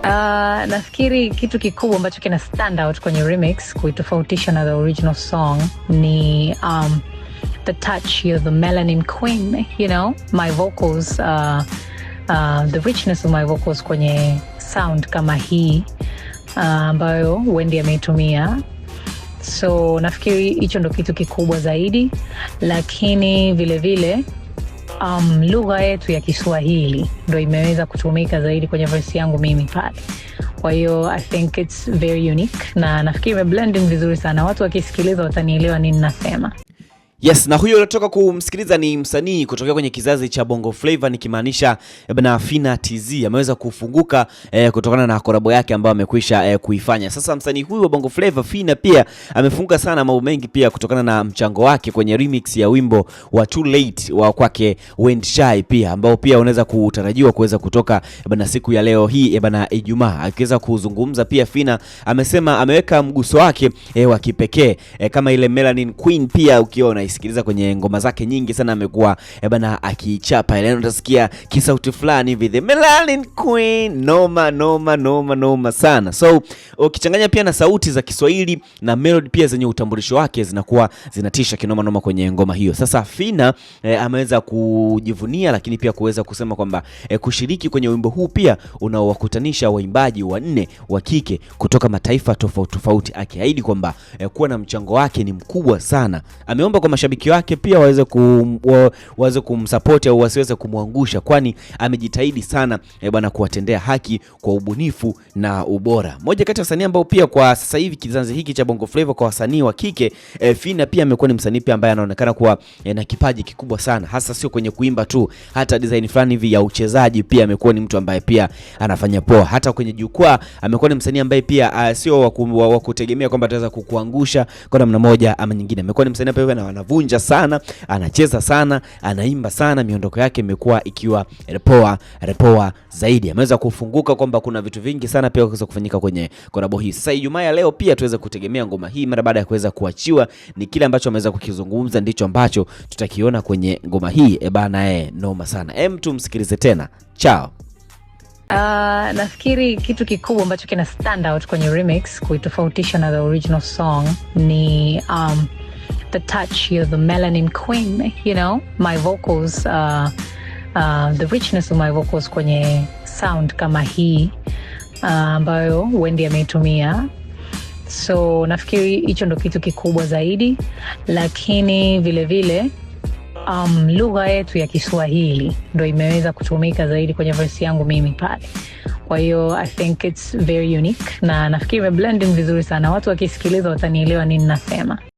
Uh, nafikiri kitu kikubwa ambacho kina stand out kwenye remix kuitofautisha na the original song ni um, the touch you're the melanin queen you know my vocals uh, uh, the richness of my vocals kwenye sound kama hii ambayo uh, wendi ameitumia so nafikiri hicho ndo kitu kikubwa zaidi, lakini vilevile vile, um, lugha yetu ya Kiswahili ndo imeweza kutumika zaidi kwenye vesi yangu mimi pale. Kwa hiyo think it's very unique na nafikiri imeblending vizuri sana. Watu wakisikiliza watanielewa nini nasema. Yes, na huyo unatoka kumsikiliza ni msanii kutokea kwenye kizazi cha Bongo Flava nikimaanisha bwana eh, Fina TZ ameweza kufunguka eh, kutokana na korabo yake ambayo amekwisha eh, kuifanya. Sasa msanii huyu wa Bongo Flava Fina pia amefunguka sana mambo mengi pia kutokana na mchango wake kwenye remix ya wimbo wa Too Late wa kwake Wendshy pia ambao pia unaweza kutarajiwa kuweza kutoka eh, bwana siku ya leo hii eh, bwana Ijumaa. Akiweza kuzungumza pia Fina amesema ameweka mguso wake eh, wa kipekee eh, kama ile Melanin Queen pia ukiona unaisikiliza kwenye ngoma zake nyingi sana, amekuwa eh, bana akichapa ile utasikia kisauti fulani hivi, the Melanin Queen, noma noma noma noma sana. So ukichanganya pia na sauti za Kiswahili na melody pia zenye utambulisho wake zinakuwa zinatisha kinoma noma kwenye ngoma hiyo. Sasa Fina e, ameweza kujivunia lakini pia kuweza kusema kwamba e, kushiriki kwenye wimbo huu pia unaowakutanisha waimbaji wanne wa kike kutoka mataifa tofauti tofauti, akiahidi kwamba e, kuwa na mchango wake ni mkubwa sana. Ameomba kwa mashabiki wake pia waweze kum, waweze kumsupport au wasiweze kumwangusha, kwani amejitahidi sana e bwana kuwatendea haki kwa ubunifu na ubora. Moja kati ya wasanii ambao pia kwa sasa hivi kizazi hiki cha Bongo Flava kwa wasanii wa kike e, eh, Phina pia amekuwa ni msanii pia ambaye anaonekana kuwa e, na kipaji kikubwa sana, hasa sio kwenye kuimba tu, hata design fulani hivi ya uchezaji pia amekuwa ni mtu ambaye pia anafanya poa. Hata kwenye jukwaa amekuwa ni msanii ambaye pia sio wa kutegemea kwamba ataweza kukuangusha kwa namna moja ama nyingine. Amekuwa ni msanii ambaye anavunja sana, anacheza sana, anaimba sana, miondoko yake imekuwa ikiwa repoa repoa zaidi. Ameweza kufunguka kwamba kuna vitu vingi sana pia kuweza kufanyika kwenye korabo hii. Sasa Ijumaa ya leo pia tuweze kutegemea ngoma hii mara baada ya kuweza kuachiwa, ni kile ambacho ameweza kukizungumza ndicho ambacho tutakiona kwenye ngoma hii. E bana, e, noma sana. Em, tumsikilize tena. Chao. Uh, nafikiri kitu kikubwa ambacho kina stand out kwenye remix kuitofautisha na the original song ni um, the touch, you're the melanin queen, you know, my vocals uh, uh, the richness of my vocals kwenye sound kama hii uh, ambayo uh, Wendy ameitumia so nafikiri hicho ndo kitu kikubwa zaidi lakini vile vile um, lugha yetu ya kiswahili ndo imeweza kutumika zaidi kwenye verse yangu mimi pale kwa hiyo i think its very unique na nafikiri imeblending vizuri sana watu wakisikiliza watanielewa nini nasema